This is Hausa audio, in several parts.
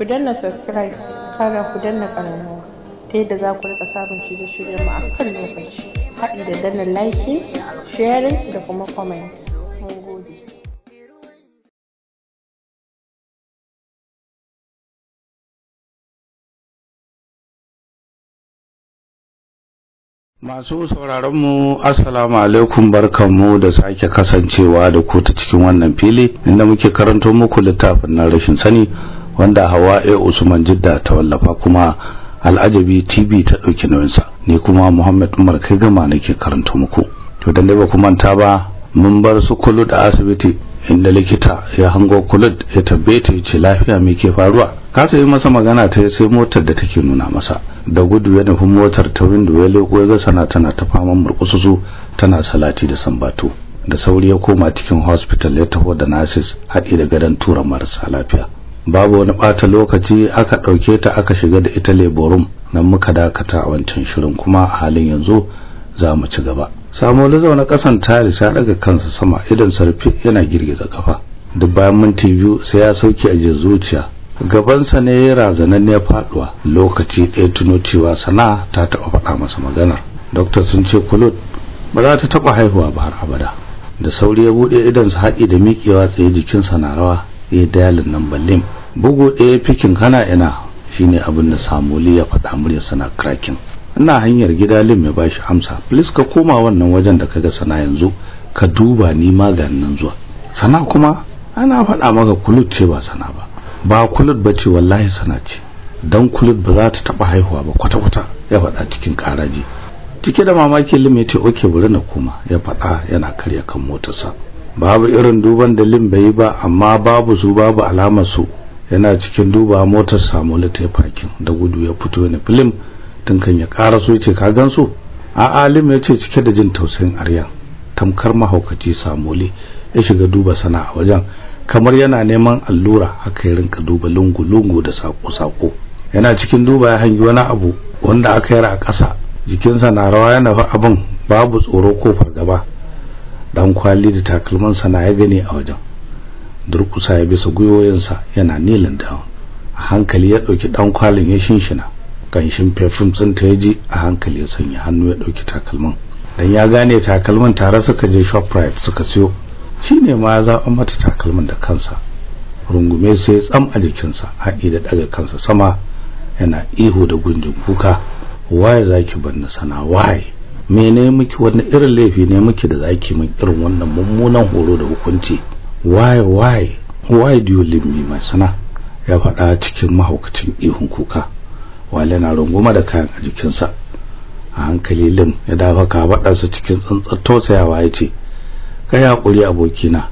ku danna subscribe kara ku danna ƙararrawa ta yadda za ku rika samun shirye shiryen mu a kan lokaci haɗi da danna like sharing da kuma comment mun gode Masu sauraronmu Assalamu alaikum barkanmu da sake kasancewa da ku ta cikin wannan fili inda muke karanto muku littafin na rashin sani wanda hawa a usman jidda ta wallafa kuma al'ajabi tv ta ɗauki nauyinsa ni kuma muhammad umar kai gama nake karanta muku to dan dai ba ku manta ba mun bar su kulud a asibiti inda likita ya hango kulud ya tabbata ya ce lafiya me ke faruwa ka sai masa magana ta sai motar da take nuna masa da gudu ya nufi motar ta windo ya leko ya ga sana tana ta faman murkususu tana salati da sambato da sauri ya koma cikin hospital ya taho da nurses haɗi da gadon tura marasa lafiya babu wani ɓata lokaci aka ɗauke ta aka shiga da ita leborum nan muka dakata a wancan shirin kuma a halin yanzu za mu ci gaba samo da zaune ƙasan tari ta daga kansa sama idan sarfi yana girgiza kafa duk bayan minti biyu sai ya sauke a jin zuciya gabansa ne ya razanan ya faduwa lokaci ɗaya tuno cewa sana ta taɓa faɗa masa magana doktor sun ce kulut ba za ta taɓa haihuwa ba har abada da sauri ya buɗe idansa haɗi da miƙewa tsaye jikinsa na rawa ya dalin nan balim bugu ɗaya fikin kana ina shine abin da samuli ya faɗa murya sana cracking ina hanyar gida lim ya bashi amsa please ka koma wannan wajen da kaga sana yanzu ka duba ni maganin nan zuwa sana kuma ana faɗa maka kulut ce ba sana ba ba kulut bace wallahi sana ce dan kulut ba za ta taba haihuwa ba kwata kwata ya faɗa cikin karaji cike da mamaki lim ya ce okay bari na koma ya faɗa yana karya kan motarsa babu irin duban da Lim bai ba amma babu su babu alamar su yana cikin duba motar Samuel ta fakin da gudu ya fito ne film tun kan ya kara so yace ka gan su a alim ce cike da jin tausayin Aryan tamkar mahaukaci samuli ya shiga duba sana a wajen kamar yana neman allura haka ya rinka duba lungu lungu da sako sako yana cikin duba ya hangi wani abu wanda aka yara a ƙasa jikinsa na rawa yana fa abin babu tsoro ko fargaba dan kwali da takalman sa na ya gane a wajen durkusa ya bisa guyoyinsa yana nilin da a hankali ya dauki dan kwalin ya shinshina kanshin perfume din ta yaji a hankali ya sanya hannu ya dauki takalman dan ya gane takalman tare suka je shoprite suka siyo shine ma ya zaba mata takalman da kansa rungume sai tsam a jikinsa haɗi da daga kansa sama yana ihu da gunjin kuka waye zaki banna sana waye Mene muke wani irin laifi ne muki da zaki mun irin wannan mummunan horo da hukunci why why why do you leave me my sana ya faɗa cikin mahaukacin ihun kuka wale na runguma da kayan a jikinsa a hankali lim ya dafa su cikin tsantsar tausayawa ya ce ka yaƙuri abokina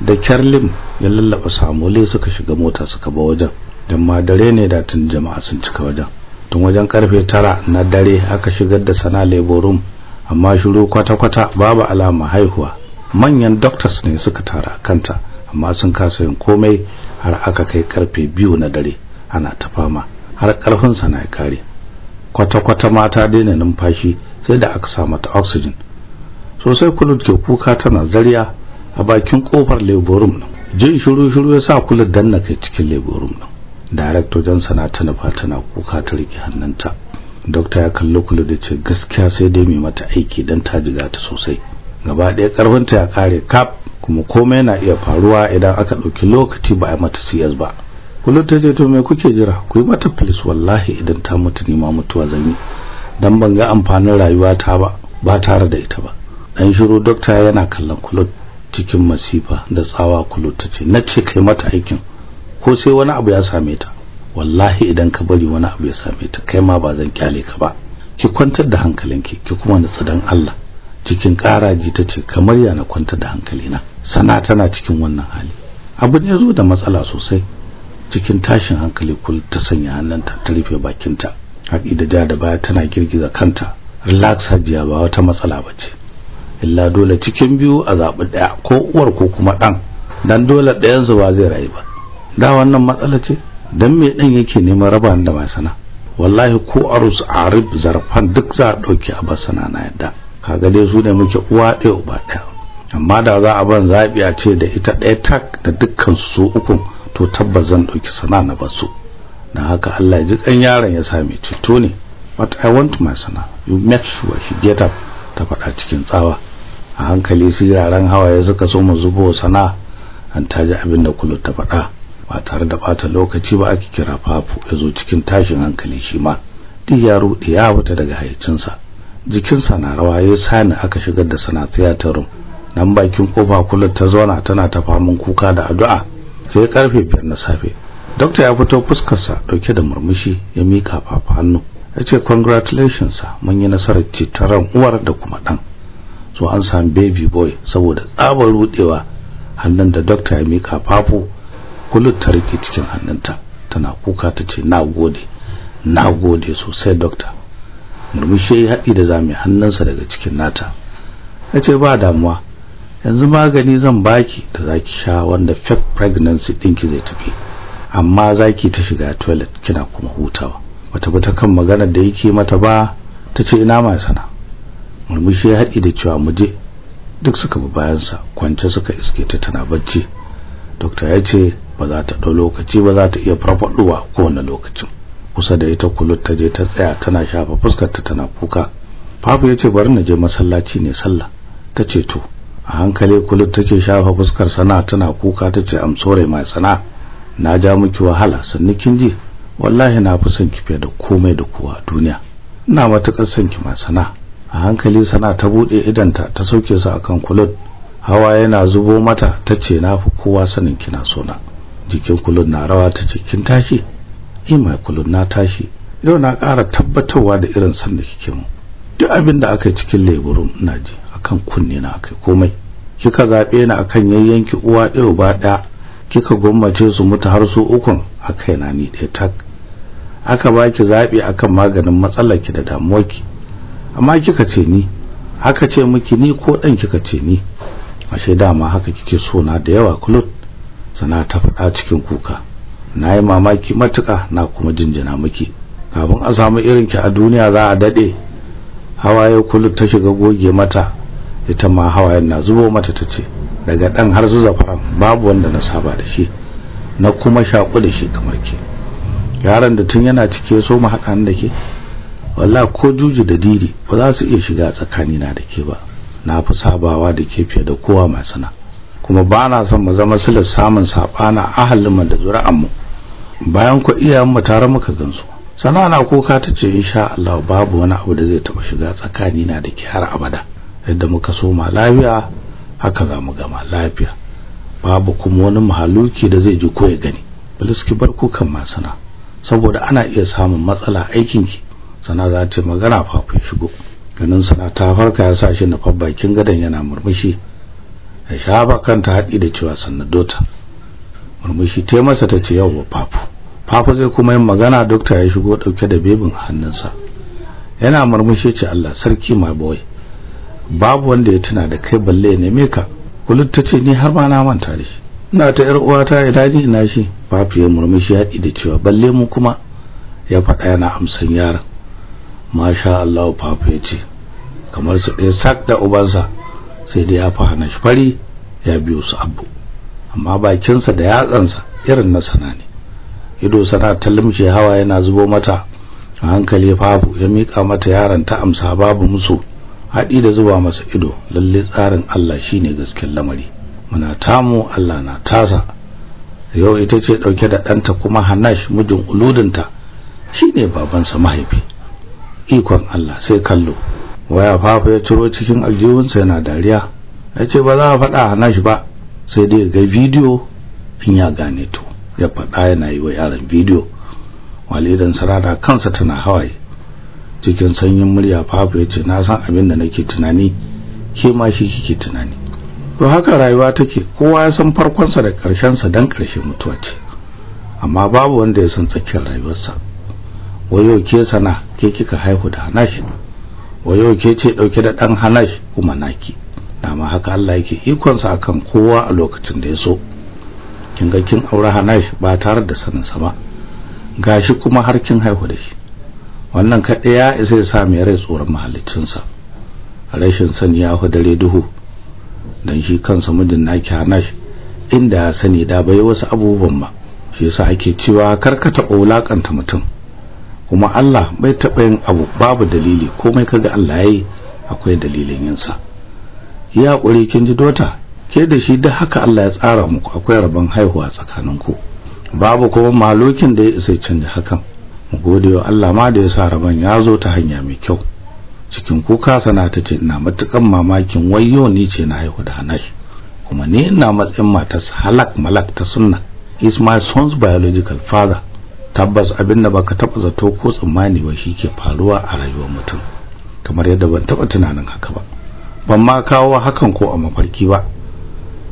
da kyarlim ya lallaba samule suka shiga mota suka ba wajen don ma dare ne da tun jama'a sun cika wajen tun wajen karfe tara na dare aka shigar da sana leborum amma shiru kwata-kwata babu alama haihuwa manyan doctors ne suka tara kanta amma sun kasa yin komai har aka kai karfe biyu na dare ana ta fama har karfin sa na kare kwata-kwata mata daina numfashi sai da aka sa mata oxygen sosai kulut ke kuka tana zariya a bakin kofar leborum jin shiru-shiru ya sa kulut danna kai cikin leborum director Johnson na ta nufa tana kuka ta rike hannunta doctor ya kallo Kulu da ce gaskiya sai dai mai mata aiki dan ta jiga ta sosai gaba ɗaya ta ya kare kap kuma komai na iya faruwa idan aka ɗauki lokaci ba a mata CS ba kullu ta ce to me kuke jira ku yi mata please wallahi idan ta mutu ni ma mutuwa zan yi dan ban ga amfanin rayuwa ta ba ba tare da ita ba dan shiru doctor yana kallon kullu cikin masifa da tsawa kullu ta ce na ce kai mata aikin ko sai wani abu ya same ta wallahi idan ka bari wani abu ya same ta kai ma ba zan kyale ka ba ki kwantar da hankalinki ki kuma nutsu dan Allah cikin karaji ta ce kamar ya na kwantar da hankalina sana tana cikin wannan hali abu ne zo da matsala sosai cikin tashin hankali kul ta sanya hannunta ta rufe bakinta haƙi da da baya tana girgiza kanta relax hajiya ba wata matsala ba ce illa dole cikin biyu a zaɓi ɗaya ko uwar ko kuma ɗan dan dole ɗayansu ba zai rayu ba da wannan matsala ce dan me ɗan yake neman raba da mai wallahi ko arus arif zarfan duk za a ɗauki a basana na yadda kaga dai su ne muke uwa ɗaya uba ɗaya amma da za a ban zabi a ce da ita ɗaya tak da dukkan su ukun to tabbas zan ɗauki sana na basu dan haka Allah ji ɗan yaron ya same cito ne but i want my sana you make sure he get up ta faɗa cikin tsawa a hankali su yaran hawaye suka so mu zubo sana an taji abin da kullu ta faɗa ba tare da bata lokaci ba aka kira fafu ya zo cikin tashin hankali shi ma duk ya ya wuta daga haicinsa jikinsa na rawa ya sani aka shigar da sana theater nan bakin kofa kullum ta zauna tana ta faman kuka da addu'a sai karfe biyar na safe doctor ya fito fuskarsa dauke da murmushi ya mika fafa hannu ya ce congratulations mun yi nasarar citaran uwar da kuma dan so an sami baby boy saboda tsabar rudewa hannun da doctor ya mika fafu Kullum ta rike cikin hannunta tana kuka ta ce na gode na gode sosai dokta murmushi ya haɗi da zame hannunsa daga cikin nata ya ce ba damuwa yanzu magani zan baki da zaki sha wanda fake pregnancy ɗinki zai tafi amma zaki ta shiga toilet kina kuma hutawa bata bi ta kan maganar da yake mata ba ta ce ina ma sana murmushi ya haɗi da cewa muje duk suka bi bayansa kwance suka iske ta tana bacci dokta ya ce ba za ta ɗau lokaci ba za ta iya farfaɗowa kowane lokacin kusa da ita kulut ta je ta tsaya tana shafa fuskarta tana kuka fafu ya ce bari na je masallaci ne sallah ta ce to a hankali kulut take shafa fuskar sana tana kuka ta ce am sore mai sana na ja miki wahala sannu kin ji wallahi na fi son ki fiye da komai da kowa a duniya ina matuƙar son ki mai sana a hankali sana ta buɗe idanta ta sauke su akan kulut hawa yana zubo mata ta ce na fi kowa sanin kina sona jikin kulun na rawa ta cikin tashi eh mai kulun na tashi yau na ƙara tabbatarwa da irin sanda kike mu duk abin da aka yi cikin leburun ina ji akan kunne na akai komai kika zabe ni akan yayyanki uwa ɗaya ba ɗaya kika gwammace su mutu har su ukun akai na ni ɗaya tak aka baki zabe akan maganin matsalar ki da damuwa ki. amma kika ce ni haka ce miki ni ko ɗan kika ce ni ashe dama haka kike so na da yawa kulut sana ta faɗa cikin kuka nayi mamaki matuka na kuma jinjina miki kafin a samu irin ki a duniya za a daɗe hawaye kullum ta shiga goge mata ita ma hawayen na zubo mata ta ce daga ɗan har zuwa faran babu wanda na saba da shi na kuma shaku da shi kamar ke yaron da tun yana cike so mu haka da ke wallahi ko juji da didi ba za su iya shiga tsakani na dake ba na fi sabawa da ke fiye da kowa mai sana kuma ba na son mu zama silar samun saɓana mu da zuri'anmu bayan ku iyayenmu tare muka gansu sana na kuka ta ce insha Allah babu wani abu da zai taɓa shiga tsakani na da ke har abada yadda muka so ma lafiya haka za mu gama lafiya babu kuma wani mahaluki da zai ji ko ya gani biliski bar kukan masana saboda ana iya samun matsala aikin ki sana za ta magana fafa shigo ganin sana ta farka ya sa shi nufar bakin gadon yana murmushi da shafa kanta haɗi da cewa sannan dota murmushi ta masa ta ce yau papu papu zai kuma yin magana dokta ya shigo ɗauke da bebin hannunsa yana murmushi ce Allah sarki my boy babu wanda ya tuna da kai balle ne me ka kulut ta ce ni har ma na manta da shi ina ta yar uwata ya daji ina shi papu ya murmushi haɗi da cewa balle mu kuma ya faɗa yana amsan yaron masha Allah papu ya ce kamar su ɗaya sak da ubansa sai da ya fi shi fari ya biyo su abu amma bakinsa da yatsansa irin na sana ne ido sana ta hawa yana zubo mata a hankali babu ya mika mata yaron ta amsa babu musu haɗi da zuba masa ido lalle tsarin Allah shine gasken lamari muna tamu Allah na tasa yau ita ce ɗauke da ɗanta kuma Hanash mijin uludinta shine babansa mahaifi ikon Allah sai kallo waya fafa ya ciro cikin aljihunsa yana dariya ya ce ba za a faɗa a nashi ba sai dai ga bidiyo in ya gane to ya faɗa yana yi wa yaran bidiyo walidan sarada kansa tana hawaye cikin sanyin murya fafa ya ce na san abin da nake tunani ke ma shi kike tunani to haka rayuwa take kowa ya san farkonsa da ƙarshensa dan karshe mutuwa ce amma babu wanda ya san tsakiyar rayuwarsa wayo ke sana ke kika haihu da hanashi yau ke ce dauke da dan hanash kuma naki dama haka Allah yake ikon sa akan kowa a lokacin da ya so kin ga kin aure hanash ba tare da sanin sa ba gashi kuma har kin haihu da shi wannan kaɗai ya isa ya sa mai rai tsoron sa rashin sani ya dare duhu dan shi kansa mijin naki hanash inda ya sani da bai wasu abubuwan ba shi yasa ake cewa karkata wulaƙanta mutum kuma Allah bai taɓa yin abu babu dalili komai kaga Allah ya yi akwai dalilin yinsa. ya hakuri kin ji dota ke da shi da haka Allah ya tsara muku akwai rabon haihuwa tsakaninku babu kuma malokin da ya isa canja hakan mu gode wa Allah ma da ya sa rabon ya zo ta hanya mai kyau cikin kuka sana ta ce ina matukan mamakin wayo ni ce na haihu da hanashi kuma ni ina matsayin matarsa halak malak ta sunna is my son's biological father tabbas abinda baka taba zato ko tsammani ba ke faruwa a rayuwar mutum kamar yadda ban taba tunanin haka ba ban ma kawo hakan ko a mafarki ba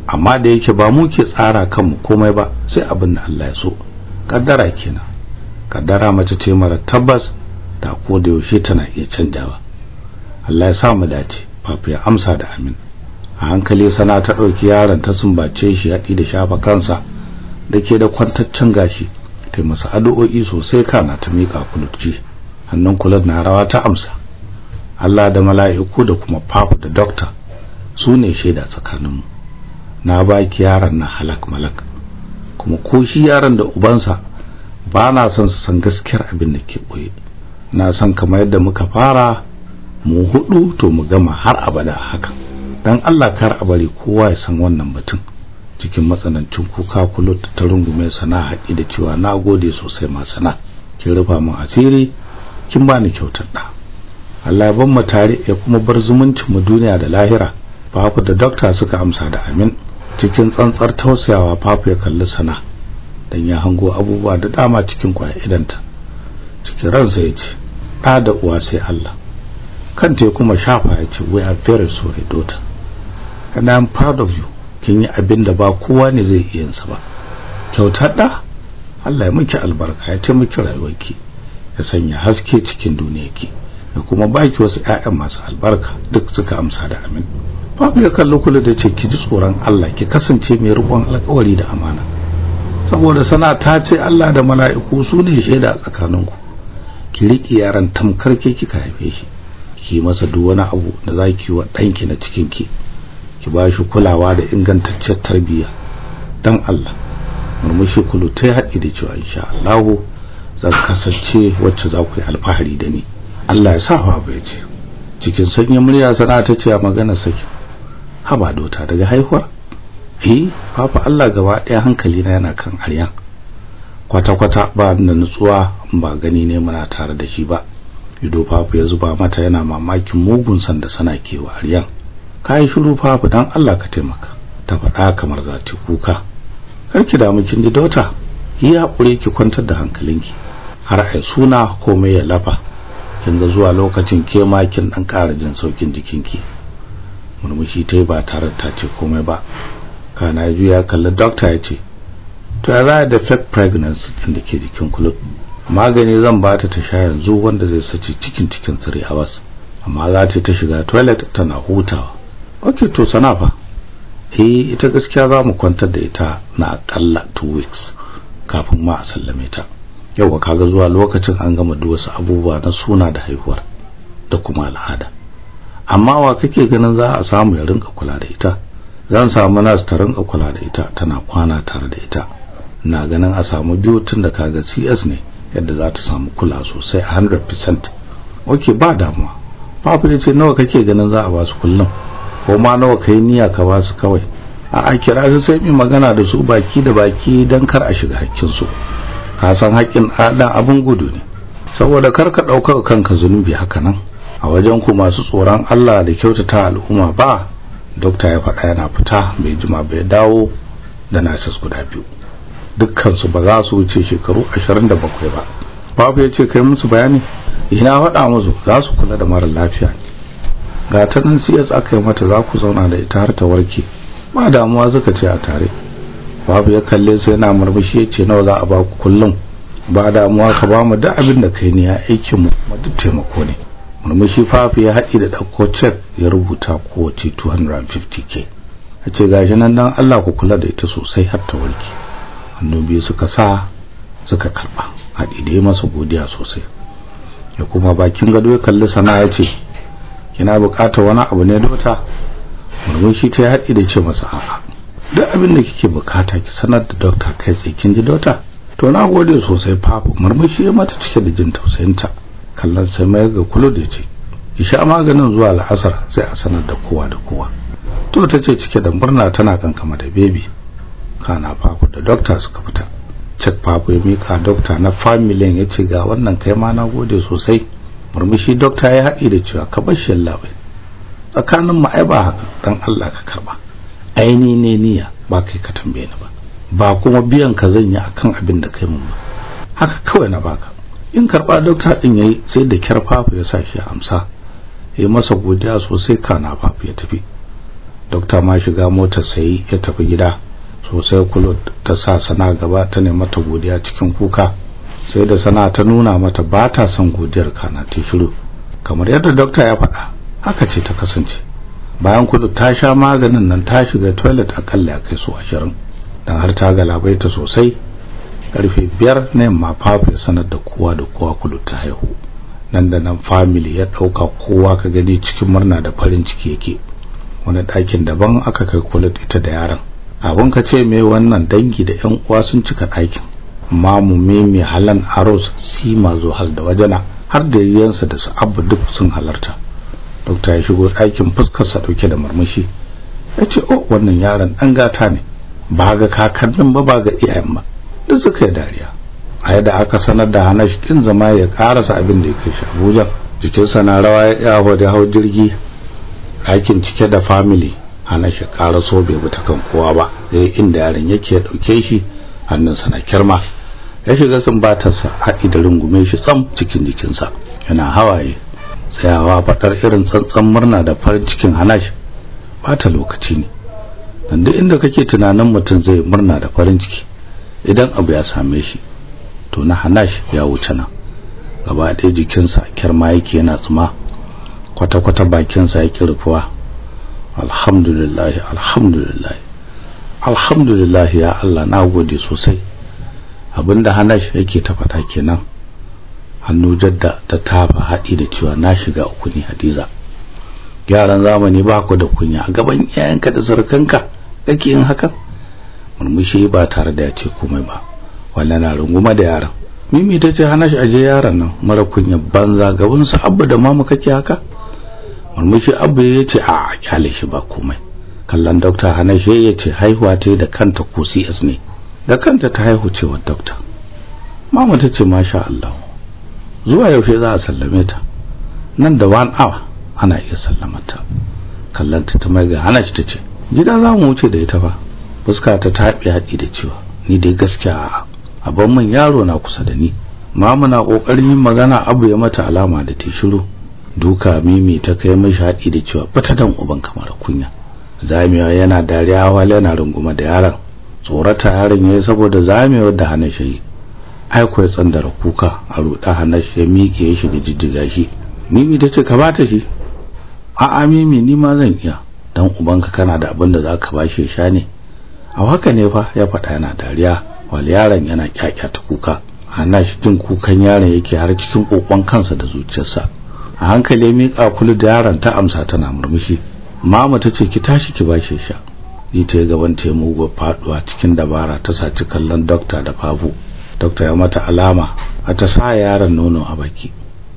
amma da yake ba mu ke tsara kanmu komai ba sai abin da Allah ya so kaddara kenan kaddara mace ce mara tabbas ta ko da yaushe tana iya canjawa Allah ya sa mu dace fafiya amsa da amin a hankali sana ta dauki yaron ta sumbace shi haɗi da shafa kansa dake da kwantaccen gashi ta masa addu'o'i sosai kana ta mika kulutci hannun kulan na rawa ta amsa Allah da mala'iku da kuma papa da doctor su ne tsakanin mu na baki yaran na halak malak kuma ko shi yaran da ubansa ba na son su san gaskiyar abin da ke boye na son kamar yadda muka fara mu hudu to mu gama har abada haka dan Allah kar a bari kowa ya san wannan batun cikin matsanancin kuka kulut ta rungume sana haƙi da cewa na gode sosai ma sana kin rufa min asiri kin bani kyautar da Allah ya ban mu tare ya kuma bar zumuncin mu duniya da lahira ku da doctor suka amsa da amin cikin tsantsar tausayawa fafu ya kalli sana dan ya hango abubuwa da dama cikin kwaya ta, cikin ransa ya ce ɗa da uwa sai Allah kanta ya kuma shafa ya ce we are very sorry daughter and I am proud of you kin yi abin da ba kowa ne zai iya yinsa ba kyautar da Allah ya miki albarka ya rayuwar rayuwarki ya sanya haske cikin duniyarki da kuma baki wasu ƴaƴan masu albarka duk suka amsa da amin babu ya kallo kula da ce ki ji tsoron Allah ki kasance mai riƙon alƙawari da amana saboda sana ta ce Allah da mala'iku su ne shaida tsakaninku ki riƙe yaran tamkar ke kika haife shi ki masa duk wani abu da zaki wa ɗanki na cikin ki ki bashi kulawa da ingantaccen tarbiyya dan Allah murmushi kulu ta haɗi da cewa insha Allah zan kasance wacce za ku yi alfahari da ni Allah ya sa fa ya ce cikin sanyin murya sana ta ce magana saki haba dota daga haihuwa eh papa Allah gaba ɗaya hankali na yana kan arya kwata kwata ba da nutsuwa ba gani ne muna tare da shi ba ido papa ya zuba mata yana mamakin mugun san da sana kewa aryan ka yi shiru fafu dan Allah ka taimaka ta faɗa kamar za ta kuka karki damu kin ji dauta yi haƙuri ki kwantar da hankalinki har ai suna komai ya lafa kin ga zuwa lokacin ke ma kin dan ƙara jin saukin jikinki murmushi ta ba tare ta ce komai ba kana ya juya kalli doctor yace ce to ya za da fake pregnancy din da ke jikin kulub magani zan ba ta ta sha yanzu wanda zai sace cikin cikin a hours amma za ta ta shiga toilet tana hutawa ok to sana fa eh ita gaskiya za mu kwantar da ita na akalla 2 weeks kafin ma a sallame ta yau kaga zuwa lokacin an gama duk wasu abubuwa na suna da haihuwar da kuma al'ada amma wa kake ganin za a samu ya rinka kula da ita zan samu nas ta rinka kula da ita tana kwana tare da ita na ganin a samu biyu tun da kaga CS ne yadda za ta samu kula sosai 100% okay ba damuwa ne ce nawa kake ganin za a ba su kullum ko ma nawa kai niyya ka ba su kawai a a kira su sai mi magana da su baki da baki dan kar a shiga hakkin su ka san hakkin ɗan abun gudu ne saboda kar ka ɗaukar kanka zunubi haka nan a wajen ku masu tsoron Allah da kyautata al'umma ba dokta ya faɗa yana fita bai jima bai dawo da nasas guda biyu dukkan su ba za su wuce shekaru 27 ba babu ya ce kai musu bayani ina faɗa musu za su kula da mara lafiya ga ta nan cs aka yi mata za ku zauna da ita har ta warke ba damuwa suka ce a tare babu ya kalle su yana murmushi ya ce nawa za a baku kullum ba damuwa ka ba mu duk abin da kai ne ya aikin mu duk taimako ne murmushi fafi ya haɗi da ɗauko cek ya rubuta kowace 250k ya ce gashi nan dan Allah ku kula da ita sosai har ta warke hannu biyu suka sa suka karɓa haɗi da yi masa godiya sosai ya kuma bakin gado ya kalli sana'a ya ce yana bukatar wani abu ne dota murmushi ta haɗi da ce masa a'a duk abin da kike bukata ki sanar da dokta kai sai kin ji dota to na gode sosai papa murmushi ya mata cike da jin tausayinta kallon sai mai ga kulo da ce ki sha maganin zuwa al'asar, sai a sanar da kowa da kowa to ta ce cike da murna tana kankama da baby kana papa da dokta suka fita cek papa ya mika dokta na familin ya ce ga wannan kai ma na gode sosai murmushi dokta ya haɗi da cewa ka bar shi labai tsakanin mu ai ba haka dan Allah ka karba aini ne niyya ba kai ka tambaye ni ba ba kuma biyan ka zan yi akan abin da kai mun ba haka kawai na baka in karba dokta din yayi sai da kyar ya sa shi amsa ya masa godiya sosai kana fafu ya tafi dokta ma shiga motar sai ya tafi gida sosai kulot ta sa sana gaba ta nemi ta godiya cikin kuka sai da sana ta nuna mata ba ta son godiyar kana ta shiru kamar yadda dokta ya faɗa haka ce ta kasance bayan kudu ta sha maganin nan ta shiga toilet akalla ya kai su ashirin dan har ta ta sosai karfe biyar na yamma fafa sanar da kowa da kowa kudu ta haihu nan da nan family ya ɗauka kowa ka gani cikin murna da farin ciki yake wani ɗakin daban aka kai kulit ita da yaran abin ka ce me wannan dangi da 'yan uwa sun cika ɗakin Amma mu meme halan aros zo has da wajena har da yayyansa da su abu duk sun halarta dokta ya shigo ɗakin fuskarsa ɗauke da murmushi ya ce oh wannan yaron ɗan gata ne ba ga kakannin ba ba ga iyayen ba duk suka yi dariya a yadda aka sanar da hana shi kin zama ya karasa abin da ya kai shi abuja jikinsa na rawa ya yawo da hau jirgi ɗakin cike da family hana shi karaso bai bi ta kan kowa ba sai inda yaron yake ya ɗauke shi hannunsa na kirma ya shiga sumbatarsa haɗi da rungume shi tsam cikin jikinsa yana hawaye tsayawa faɗar irin tsantsan murna da farin cikin hanashi bata lokaci ne dan duk inda kake tunanin mutum zai murna da farin ciki idan abu ya same shi to na hanashi ya wuce na. gaba ɗaya jikinsa kirma yake yana tsuma kwata-kwata bakinsa yake rufuwa alhamdulillah alhamdulillah alhamdulillah ya Allah na gode sosai abinda shi yake ta fata kenan hannu jadda ta tafa haɗi da cewa na shiga uku ne Hadiza yaran zamani ba ku da kunya a gaban yayanka da sarkanka kake yin haka murmushi ba tare da ya ce komai ba wannan na runguma da yaran mimi ta ce shi aje yaran nan mara kunya banza gaban su abba da mama kake haka murmushi abba ya ce a kyale shi ba komai kallon dokta Hanash ya ce haihuwa ta da kanta ko CS ne da kanta ta haihu cewa dokta mama ta ce masha Allah zuwa yaushe za a sallame ta nan da wan hour ana iya sallamata kallanta ta mai ga hana ta ce gida za mu wuce da ita fa fuska ta taɓe haɗi da cewa ni dai gaskiya abin man yaro na kusa da ni mama na kokarin yin magana abu ya mata alama da ta shiru duka mimi ta kai mishi haɗi da cewa fita dan uban kamar kunya zamiya yana dariya wala yana runguma da yaron tsorata harin ya yi saboda zamewar da hana shi ai kuwa ya tsandara kuka a ruɗa hana shi ya miƙe ya shiga jijjiga shi mimi ta ce ka bata shi a'a mimi ni ma zan iya dan ubanka kana da abin da za ba bashi sha ne a haka ne fa ya faɗa yana dariya wal yaron yana kyakyata kuka hana shi jin kukan yaron yake har cikin kokon kansa da zuciyarsa a hankali ya miƙa kulu da yaron ta amsa tana murmushi mama ta ce ki tashi ki bashi sha ita gaban ta mugu faduwa cikin dabara ta saci kallon dokta da fabu dokta ya mata alama a ta sa yaron nono a baki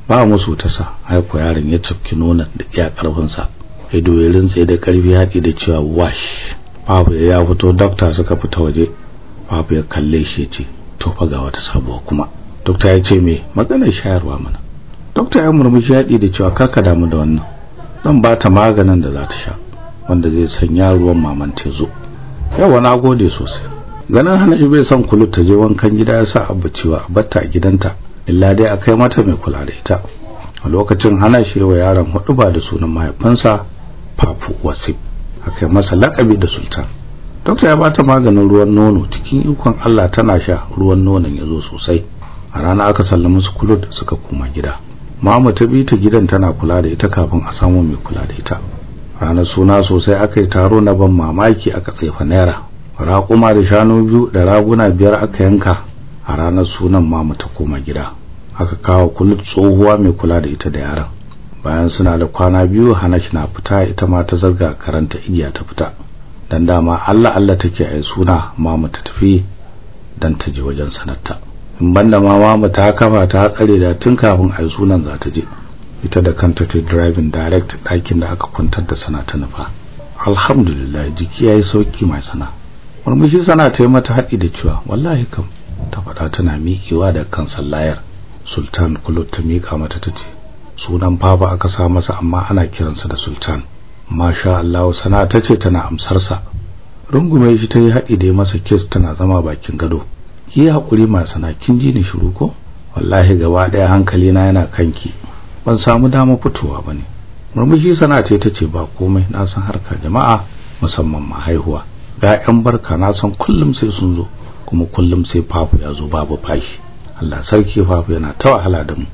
ba musu ta sa haiku yaron ya cafki nonon da iya karfin sa ido ya da karfi haɗi da cewa wash babu ya fito dokta suka fita waje babu ya kalle shi ce to fa ga wata sabuwa kuma dokta ya ce me maganar shayarwa mana dokta ya murmushi haɗi da cewa kaka damu da wannan zan ba ta maganin da za ta sha wanda zai sanya ruwan maman zo. yawa na gode sosai ganin hana bai son kulu ta je wankan gida ya sa abu cewa batta a gidanta illa dai a kai mata mai kula da ita a lokacin hana shi wa yaron hudu ba da sunan mahaifinsa papu wasif a kai masa lakabi da sultan dokta ya bata maganin ruwan nono cikin ikon Allah tana sha ruwan nonon ya zo sosai a rana aka sallama su kulut suka koma gida Mama ta bi ta gidan tana kula da ita kafin a samu mai kula da ita ranar suna sosai aka yi taro na ban mamaki aka tsaifa naira raƙuma da shanu biyu da raguna biyar aka yanka a ranar sunan mamu ta koma gida aka kawo kullu tsohuwa mai kula da ita da yaran bayan suna da kwana biyu hana shi na fita ita ma ta zarga karanta igiya ta fita dan dama Allah Allah take ai suna mamu ta tafi dan ta je wajen sanarta in banda ma mamu ta kafa ta tsare da tun kafin ai sunan za ta je ita da kanta ta driving direct ɗakin da aka kwantar da sana ta nufa alhamdulillah jiki ya yi sauki mai sana murmushi sana ta yi mata haɗi da cewa wallahi kam ta faɗa tana mikewa da kan sallayar sultan kulut ta mika mata ta ce sunan baba aka sa masa amma ana kiransa da sultan masha Allah sana ta ce tana amsarsa rungume shi ta yi haɗi da yi masa kes tana zama bakin gado ki haƙuri mai sana kin ji ni shiru ko wallahi gaba ɗaya hankali na yana kanki ban samu dama fitowa bane murmushi sana ce tace ba komai na san harka jama'a musamman ma haihuwa ga barka na san kullum sai sun zo kuma kullum sai fafu ya zo babu fashi Allah sarki fafu yana ta wahala da mu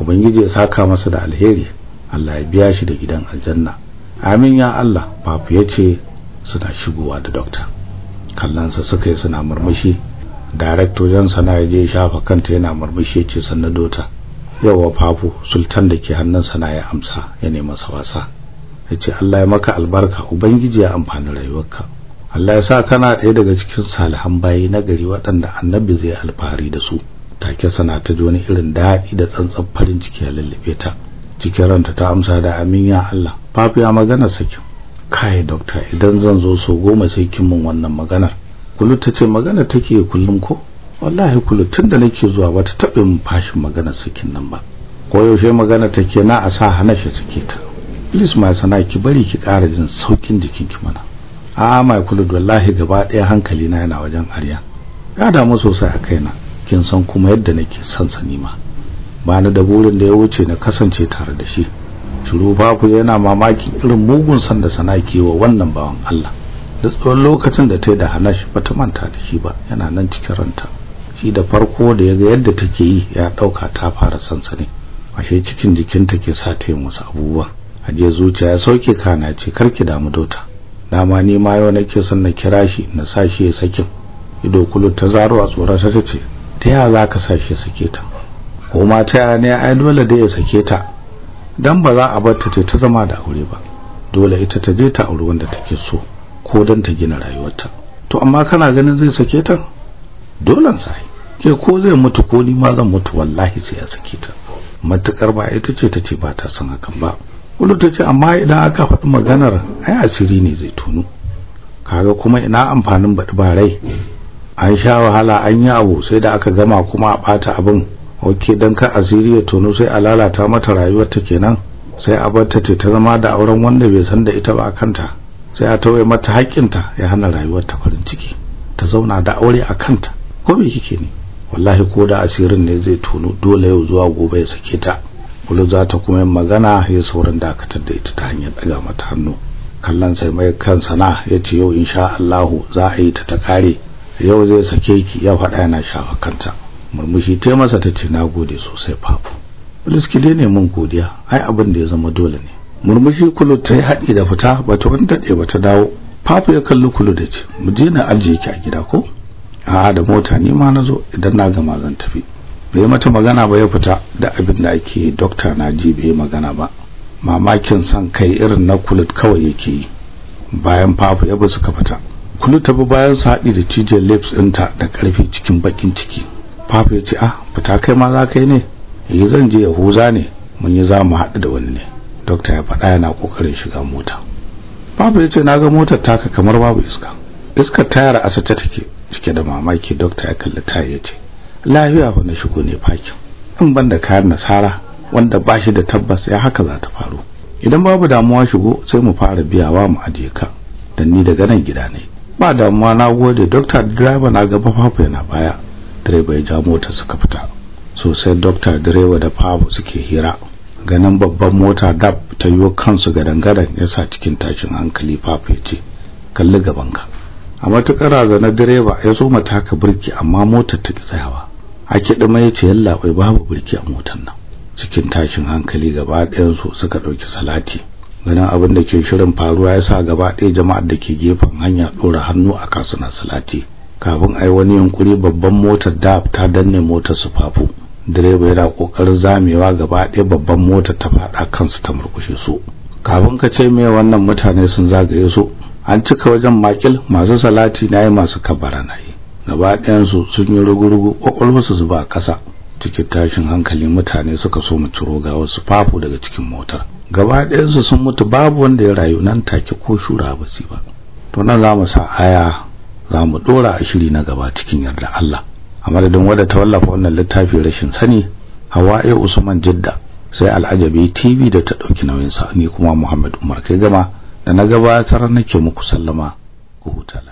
ubangiji ya saka masa da alheri Allah ya biya shi da gidan aljanna amin ya Allah fafu yace suna shigowa da doctor sa suka yi suna murmushi director jan sana ya je shafa kanta yana murmushi yace sannan dota yawa Fafu, sultan da ke hannunsa na ya amsa ya nemi masa wasa yace Allah ya maka albarka ubangiji ya amfani rayuwarka Allah ya sa kana ɗaya daga cikin salihan bayi na gari waɗanda annabi zai alfahari da su take sana ta ji wani irin daɗi da tsantsan farin ciki ya lallabe ta cikin ranta ta amsa da amin ya Allah Fafu ya magana sakin kai doctor idan zan zo so goma sai kin mun wannan maganar kullu tace magana take kullum ko wallahi kullu tunda nake zuwa bata taɓa min fashin magana sakin nan ba koyaushe magana take na a sa hana suke ta please ma sana ki bari ki ƙara jin saukin ki mana a Mai kullu wallahi gaba ɗaya hankali na yana wajen arya ya damu sosai a kaina kin san kuma yadda nake son sani ma ba ni da burin da ya wuce na kasance tare da shi shiru babu yana mamaki irin mugun san da sana ke wa wannan bawan Allah da tsawon lokacin da ta yi da ba ta manta da shi ba yana nan cikin ranta shi da farko da yaga yadda take yi ya dauka ta fara sansani ashe cikin jikin ta ke sa ta yi musu abubuwa aje zuciya ya sauke kana ce karki damu dota dama ni ma yau nake son na kira shi na sa shi ya sakin ido kullu ta zaro a tsora ta tace ta ya za ka sa shi sake ta ko ma ta ne ai dole da ya sake ta dan ba za a bar ta ta zama da aure ba dole ita ta je ta aure wanda take so ko dan ta gina rayuwarta to amma kana ganin zai sake ta dolan sai ce ko zai mutu ko ni ma zan mutu wallahi sai ya saki ta matukar ba ita ce tace ba ta san hakan ba kullu tace amma idan aka faɗi maganar ai asiri ne zai tunu kaga kuma ina amfanin baɗi ba rai an sha wahala an yi abu sai da aka gama kuma a bata abin oke dan ka asiri ya tono sai a lalata mata rayuwar ta kenan sai a bar ta ta zama da auren wanda bai san da ita ba a kanta sai a tauye mata haƙƙinta ya hana rayuwar ta farin ciki ta zauna da aure a kanta ko me kike ne wallahi ko da asirin ne zai tono dole yau zuwa gobe ya sake ta Kulu za ta kuma magana ya sauran dakatar da ita ta hanyar daga mata hannu kallon sai mai kan sana ya ce yau insha Allah za a yi ta ta kare yau zai sake ki ya faɗa yana shafa kanta murmushi ta masa ta ce na gode sosai papu Bulus dai ne mun godiya ai abin da ya zama dole ne murmushi kulu ta yi haɗi da fita bata wani daɗe ta dawo papu ya kalli kulu da ce mu je na ajiye ki a gida ko a da mota ni ma zo idan na gama zan tafi bai mata magana ba ya fita da abin da ake doctor ji bai magana ba mamakin san kai irin na kulut kawai yake yi bayan fafu ya basu ka fita kulut ta bi bayan su haɗi da cijin lips ɗinta da karfi cikin bakin ciki fafu ya ce ah fita kai ma za kai ne yi eh, zan je ya huza ne mun yi za mu haɗu da wani ne doctor ya faɗa yana ƙoƙarin shiga mota fafu ya ce na ga motar taka kamar babu iska iskar tayar asata take cike da mamaki doctor ya kalli ya yace lafiya ba na shigo ne fakin in banda kayan nasara wanda ba shi da tabbas ya haka za ta faru idan babu damuwa shigo sai mu fara biya wa mu ajiye ka dan ni daga nan gida ne ba damuwa na gode doctor driver na gaba fafa yana baya direba ya ja mota suka fita sosai doctor direba da fafa suke hira ganin babban mota dab ta yiwo kansu gadan yasa cikin tashin hankali fafa ya ce kalli ka. a matukar razana direba ya zo mata ka burki amma motar ta tsayawa a kidima yace yalla bai babu burki a motar nan cikin tashin hankali gaba ɗayan su suka dauki salati ganin abin da ke shirin faruwa yasa gaba ɗaya jama'ar da ke gefen hanya dora hannu a kasuna salati kafin ai wani yankuri, babban motar da ta danne motar su fafu direba yana kokarin zamewa gaba ɗaya babban motar ta fada kansu ta murkushe su kafin ka ce me wannan mutane sun zagaye su an cika wajen makil masu salati na yi masu kabara na yi gaba ɗayansu sun yi rugurugu su zuba ƙasa cikin tashin hankali mutane suka so mu ciro ga wasu fafo daga cikin motar gaba ɗayansu sun mutu babu wanda ya rayu nan take ko shura ba su ba to nan za mu sa aya za mu ɗora a shiri na gaba cikin yarda Allah a madadin wadda ta wallafa wannan littafi rashin sani Hawaye Usman Jidda sai Al'ajabi TV da ta ɗauki nauyin ni kuma Muhammad Umar kai gama da na gabatar nake muku sallama ku huta